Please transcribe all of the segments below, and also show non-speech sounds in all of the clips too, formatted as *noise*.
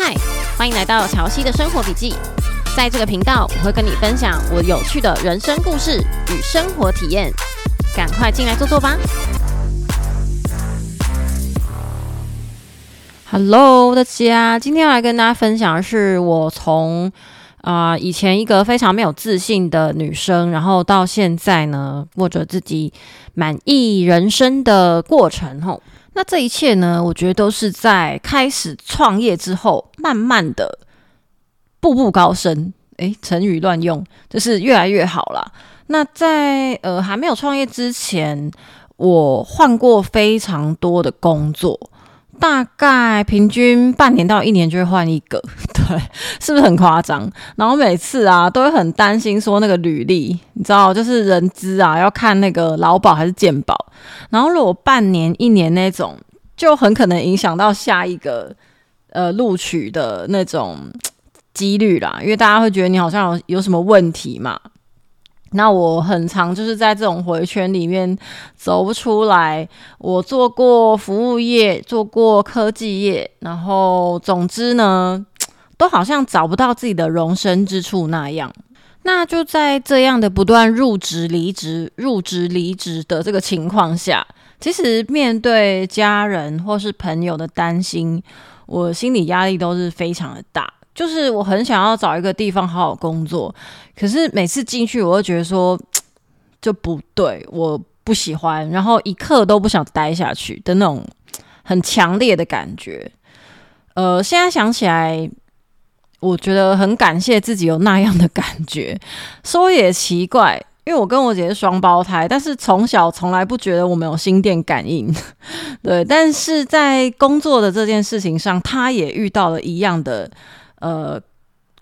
嗨，歡迎來到蕎希的生活筆記。在這個頻道，我會跟你分享我有趣的人生故事與生活體驗。趕快進來坐坐吧。Hello，大家，今天要來跟大家分享的是我從啊、呃、以前一個非常沒有自信的女生，然後到現在呢，過着自己滿意人生的過程吼。那這一切呢，我覺得都是在開始創業之後，慢慢的步步高升。誒，成語亂用，就是越來越好了。那在呃還沒有創業之前，我換過非常多的工作。大概平均半年到一年就會換一個，對，是不是很誇張？然後每次啊都會很擔心說那個履歷，你知道，就是人資啊要看那個勞保還是健保，然後如果半年一年那種，就很可能影響到下一個呃錄取的那種幾率啦，因為大家會覺得你好像有有什麼問題嘛。那我很常就是在這種回圈裡面走不出來。我做過服務業，做過科技業，然後總之呢，都好像找不到自己的容身之處那樣。那就在這樣的不斷入職、離職、入職、離職的這個情況下，其實面對家人或是朋友的擔心，我心理壓力都是非常的大。就是我很想要找一個地方好好工作，可是每次進去，我都覺得說就不對，我不喜歡，然後一刻都不想待下去的那種很強烈的感覺。呃，現在想起來，我覺得很感謝自己有那樣的感覺。說也奇怪，因為我跟我姐是雙胞胎，但是從小從來不覺得我們有心電感應。對，但是在工作的這件事情上，她也遇到了一樣的。呃，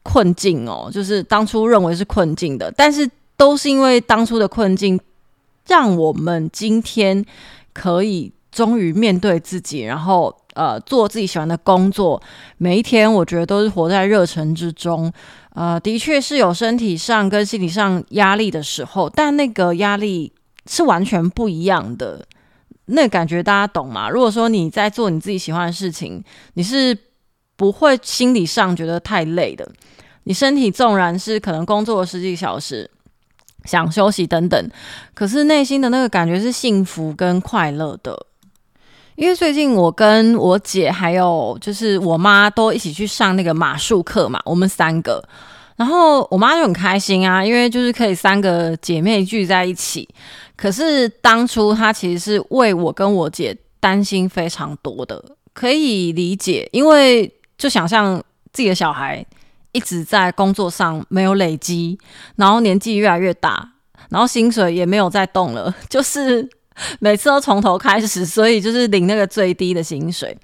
困境哦，就是當初認為是困境的，但是都是因為當初的困境，讓我們今天可以終於面對自己，然後呃，做自己喜歡的工作。每一天，我覺得都是活在熱忱之中。呃，的確是有身體上跟心理上壓力的時候，但那個壓力是完全不一樣的。那個感覺大家懂嗎？如果說你在做你自己喜歡的事情，你是。不會心理上覺得太累的。你身體縱然是可能工作了十幾個小時，想休息等等，可是內心的那個感覺是幸福跟快樂的。因為最近我跟我姐還有就是我媽都一起去上那個馬術課嘛，我們三個。然後我媽就很開心啊，因為就是可以三個姐妹聚在一起。可是當初她其實是為我跟我姐擔心非常多的，可以理解，因為。就想象自己的小孩一直在工作上沒有累積，然後年紀越來越大，然後薪水也沒有再動了，就是每次都從頭開始，所以就是領那個最低的薪水。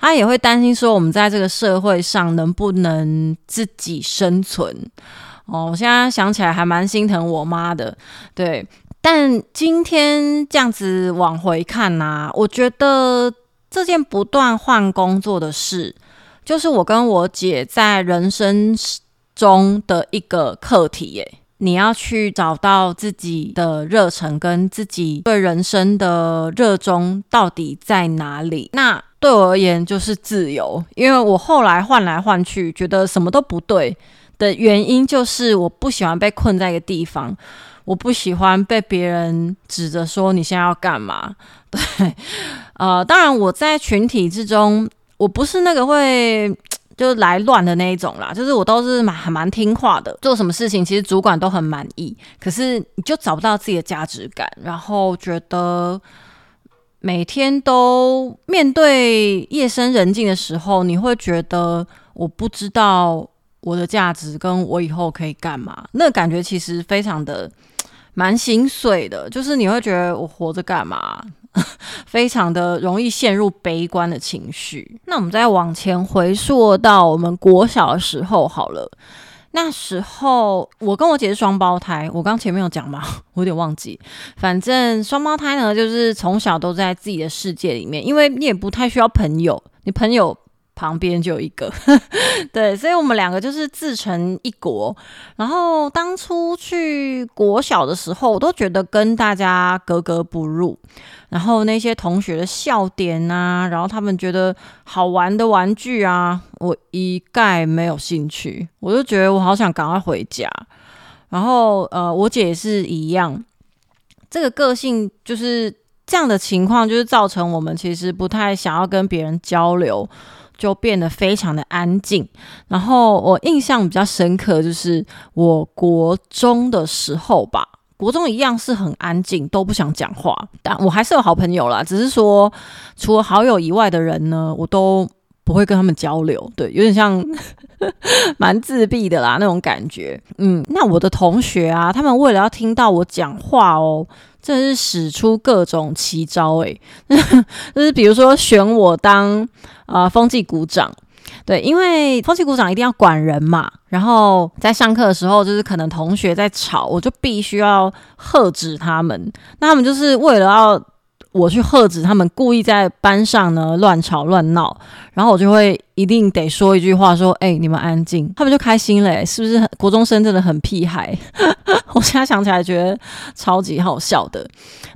他也會擔心說，我們在這個社會上能不能自己生存？哦，我現在想起來還蠻心疼我媽的。對，但今天這樣子往回看吶、啊，我覺得這件不斷換工作的事。就是我跟我姐在人生中的一個課題耶，你要去找到自己的熱忱跟自己對人生的熱衷到底在哪裡？那對我而言就是自由，因為我後來換來換去，覺得什麼都不對的原因，就是我不喜歡被困在一個地方，我不喜歡被別人指着說，你現在要幹嘛？對，呃，當然我在群體之中。我不是那個會就是來亂的那一種啦，就是我都是蠻還蠻聽話的，做什麼事情其實主管都很滿意。可是你就找不到自己的價值感，然後覺得每天都面對夜深人靜的時候，你會覺得我不知道我的價值跟我以後可以幹嘛，那感覺其實非常的蠻心碎的。就是你會覺得我活着幹嘛？ *laughs* 非常的容易陷入悲觀的情緒。那我們再往前回溯到我們國小的時候好了。那時候我跟我姐是雙胞胎，我剛前面有講嘛，我有點忘記。反正雙胞胎呢，就是從小都在自己的世界裡面，因為你也不太需要朋友，你朋友。旁邊就有一個， *laughs* 對，所以我們兩個就是自成一國。然後當初去國小的時候，我都覺得跟大家格格不入。然後那些同學的笑點啊，然後他們覺得好玩的玩具啊，我一概沒有興趣。我就覺得我好想趕快回家。然後呃，我姐也是一樣，這個個性就是這樣的情況，就是造成我們其實不太想要跟別人交流。就變得非常的安靜，然後我印象比較深刻就是我國中的時候吧，國中一樣是很安靜，都不想講話，但我還是有好朋友啦，只是說除了好友以外的人呢，我都不會跟他們交流，對，有點像蠻 *laughs* 自閉的啦，那種感覺，嗯，那我的同學啊，他們為了要聽到我講話哦。真是使出各種奇招誒、欸、 *laughs* 就是比如說，選我當啊、呃、風紀股長，對，因為風紀股長一定要管人嘛。然後在上課的時候，就是可能同學在吵，我就必須要喝止他們。那他們就是為了要。我去喝止他們，故意在班上呢，亂吵亂鬧，然後我就會一定得說一句話，說：“哎、欸，你們安靜！”他們就開心嘞，是不是？國中生真的很屁孩， *laughs* 我現在想起來覺得超級好笑的。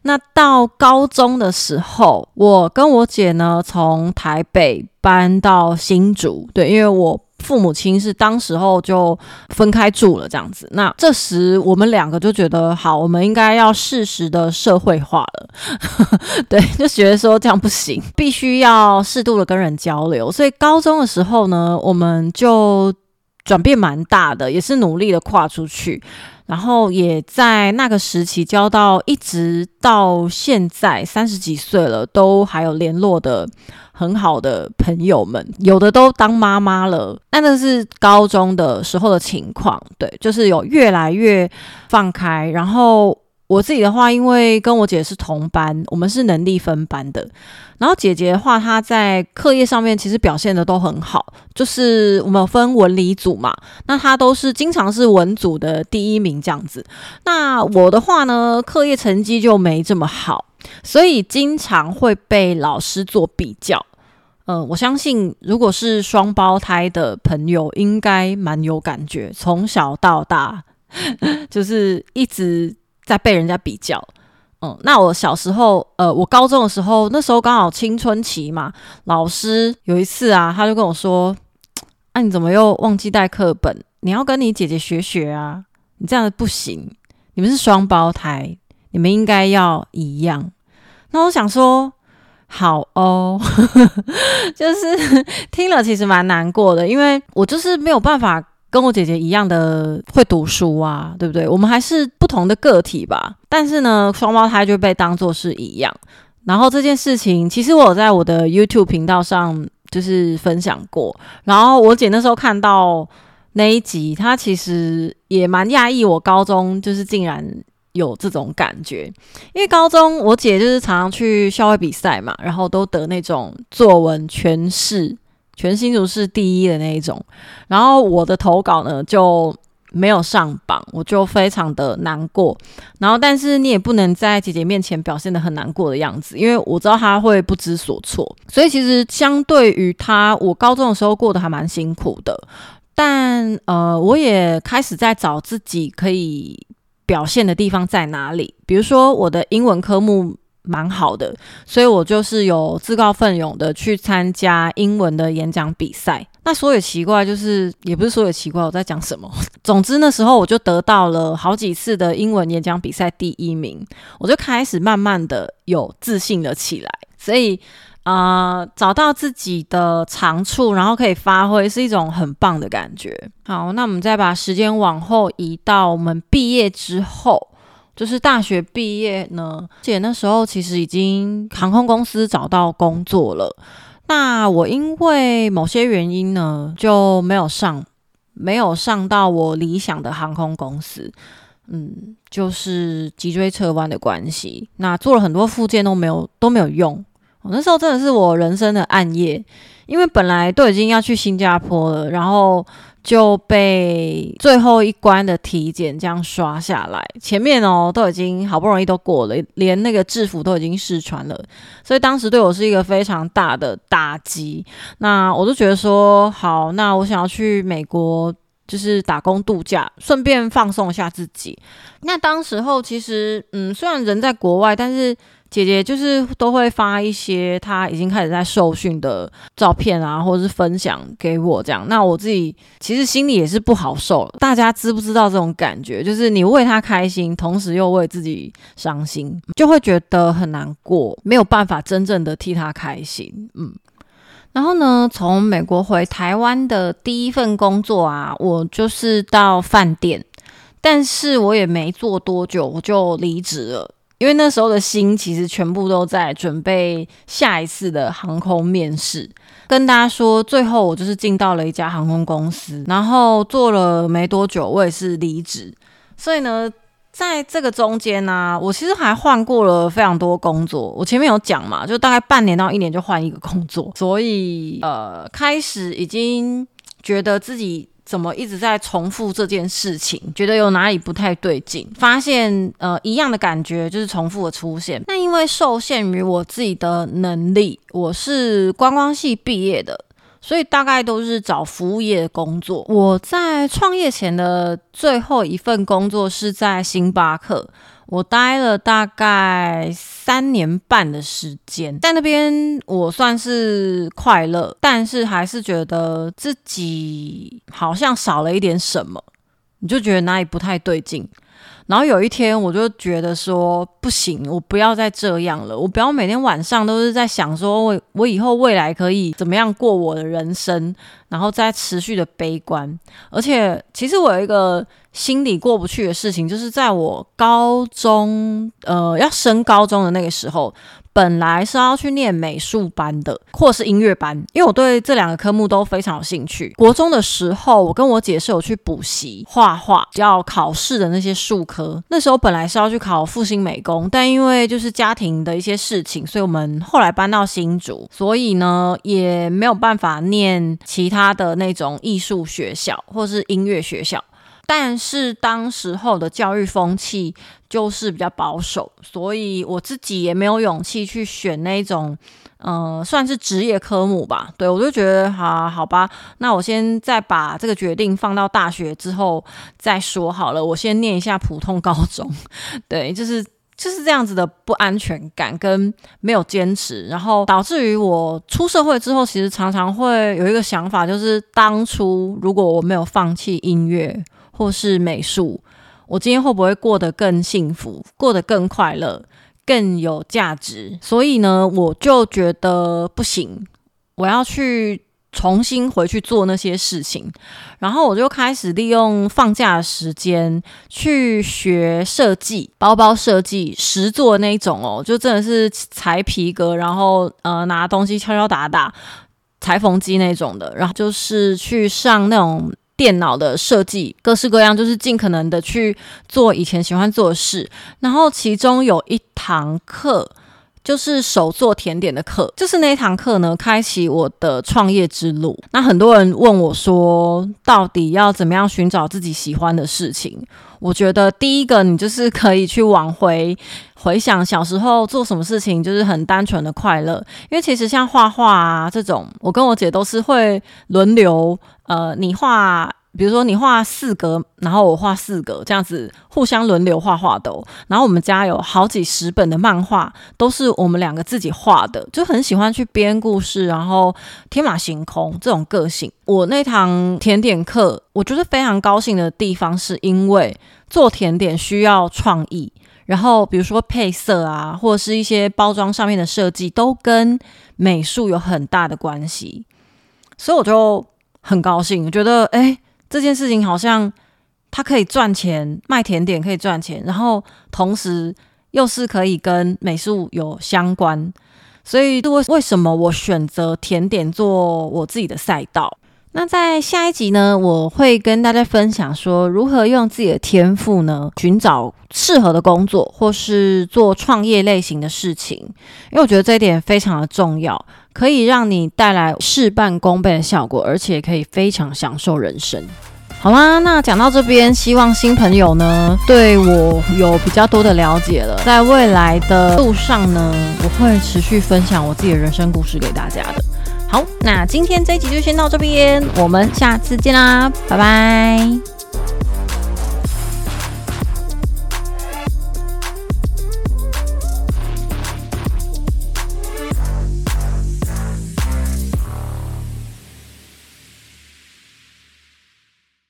那到高中的時候，我跟我姐呢從台北搬到新竹，對，因為我。父母親是當時候就分開住了這樣子，那這時我們兩個就覺得好，我們應該要適時的社會化了， *laughs* 對，就覺得說這樣不行，必須要適度的跟人交流。所以高中的時候呢，我們就。轉變蠻大的，也是努力的跨出去，然後也在那個時期交到一直到現在三十幾歲了，都還有聯絡的很好的朋友們，有的都當媽媽了。那個是高中的時候的情況，對，就是有越來越放開，然後。我自己的話，因為跟我姐是同班，我們是能力分班的。然後姐姐的話，她在課業上面其實表現得都很好，就是我們分文理組嘛，那她都是經常是文組的第一名這樣子。那我的話呢，課業成績就沒這麼好，所以經常會被老師做比較。嗯、呃，我相信如果是雙胞胎的朋友，應該蠻有感覺，從小到大就是一直。在被人家比較，嗯，那我小時候，呃，我高中的時候，那時候剛好青春期嘛，老師有一次啊，他就跟我說：“啊，你怎麼又忘記帶課本？你要跟你姐姐學學啊，你這樣子不行。你們是雙胞胎，你們應該要一樣。”那我想說，好哦， *laughs* 就是聽了其實蠻難過的，因為我就是沒有辦法。跟我姐姐一樣的會讀書啊，對不對？我們還是不同的個體吧。但是呢，雙胞胎就被當做是一樣。然後這件事情，其實我在我的 YouTube 頻道上就是分享過。然後我姐那時候看到那一集，她其實也蠻訝異，我高中就是竟然有這種感覺。因為高中我姐就是常常去校外比賽嘛，然後都得那種作文全是。全新竹是第一的那一種，然後我的投稿呢就沒有上榜，我就非常的難過。然後，但是你也不能在姐姐面前表現的很難過的樣子，因為我知道她會不知所措。所以，其實相對於她，我高中的時候過得還蠻辛苦的，但呃，我也開始在找自己可以表現的地方在哪裡，比如說我的英文科目。蠻好的，所以我就是有自告奮勇的去參加英文的演講比賽。那說也奇怪，就是也不是說也奇怪我在講什麼。總之那時候我就得到了好幾次的英文演講比賽第一名，我就開始慢慢的有自信了起來。所以啊、呃，找到自己的長處，然後可以發揮，是一種很棒的感覺。好，那我們再把時間往後移到我們畢業之後。就是大學畢業呢，而且那時候其實已經航空公司找到工作了。那我因為某些原因呢，就沒有上，沒有上到我理想的航空公司。嗯，就是脊椎側彎的關係，那做了很多復健都沒有，都沒有用。我那時候真的是我人生的暗夜，因為本來都已經要去新加坡了，然後。就被最後一關的體檢這樣刷下來，前面哦都已經好不容易都過了，連那個制服都已經試穿了，所以當時對我是一個非常大的打擊。那我就覺得說，好，那我想要去美國。就是打工度假，順便放鬆一下自己。那當時候其實，嗯，雖然人在國外，但是姐姐就是都會發一些她已經開始在受訓的照片啊，或者是分享給我這樣。那我自己其實心裡也是不好受。大家知不知道這種感覺？就是你為她開心，同時又為自己傷心，就會覺得很難過，沒有辦法真正的替她開心，嗯。然後呢，從美國回台灣的第一份工作啊，我就是到飯店，但是我也沒做多久，我就離職了，因為那時候的心其實全部都在準備下一次的航空面試。跟大家說，最後我就是進到了一家航空公司，然後做了沒多久，我也是離職。所以呢。在這個中間呢、啊，我其實還換過了非常多工作。我前面有講嘛，就大概半年到一年就換一個工作，所以呃，開始已經覺得自己怎麼一直在重複這件事情，覺得有哪裡不太對勁，發現呃一樣的感覺就是重複的出現。那因為受限於我自己的能力，我是觀光系畢業的。所以大概都是找服務業工作。我在創業前的最後一份工作是在星巴克，我待了大概三年半的時間，在那邊我算是快樂，但是還是覺得自己好像少了一點什麼，你就覺得哪裡不太對勁。然後有一天，我就覺得說不行，我不要再這樣了。我不要每天晚上都是在想說，我我以後未來可以怎麼樣過我的人生，然後再持續的悲觀。而且，其實我有一個心裡過不去的事情，就是在我高中，呃，要升高中的那個時候。本來是要去念美術班的，或是音樂班，因為我對這兩個科目都非常有興趣。國中的時候，我跟我姐是有去補習畫畫，要考試的那些術科。那時候本來是要去考復興美工，但因為就是家庭的一些事情，所以我們後來搬到新竹，所以呢也沒有辦法念其他的那種藝術學校或是音樂學校。但是當時候的教育風氣就是比較保守，所以我自己也沒有勇氣去選那種，嗯、呃，算是職業科目吧。對，我就覺得哈、啊，好吧，那我先再把這個決定放到大學之後再說好了。我先念一下普通高中，對，就是就是這樣子的不安全感跟沒有堅持，然後導致於我出社會之後，其實常常會有一個想法，就是當初如果我沒有放棄音樂。或是美術，我今天會不會過得更幸福，過得更快樂，更有價值？所以呢，我就覺得不行，我要去重新回去做那些事情。然後我就開始利用放假的時間去學設計，包包設計，實做那種哦，就真的是裁皮革，然後呃拿東西敲敲打打，裁縫機那種的。然後就是去上那種。電腦的設計各式各樣，就是盡可能的去做以前喜歡做的事。然後其中有一堂課。就是手做甜點的課，就是那一堂課呢，開啟我的創業之路。那很多人問我說，到底要怎麼樣尋找自己喜歡的事情？我覺得第一個，你就是可以去往回回想小時候做什麼事情，就是很單純的快樂。因為其實像畫畫啊這種，我跟我姐都是會輪流，呃，你畫。比如說你畫四格，然後我畫四格，這樣子互相輪流畫畫都哦。然後我們家有好幾十本的漫畫，都是我們兩個自己畫的，就很喜歡去編故事，然後天馬行空這種個性。我那堂甜點課，我覺得非常高興的地方，是因為做甜點需要創意，然後比如說配色啊，或者是一些包裝上面的設計，都跟美術有很大的關係，所以我就很高興，我覺得哎。誒這件事情好像它可以賺錢，賣甜點可以賺錢，然後同時又是可以跟美術有相關，所以，為為什麼我選擇甜點做我自己的賽道？那在下一集呢，我會跟大家分享說如何用自己的天賦呢，尋找適合的工作，或是做創業類型的事情，因為我覺得這一點非常的重要，可以讓你帶來事半功倍的效果，而且可以非常享受人生。好啦，那講到這邊，希望新朋友呢，對我有比較多的了解了，在未來的路上呢，我會持續分享我自己的人生故事給大家的。好，那今天這一集就先到這邊，我們下次見啦，拜拜。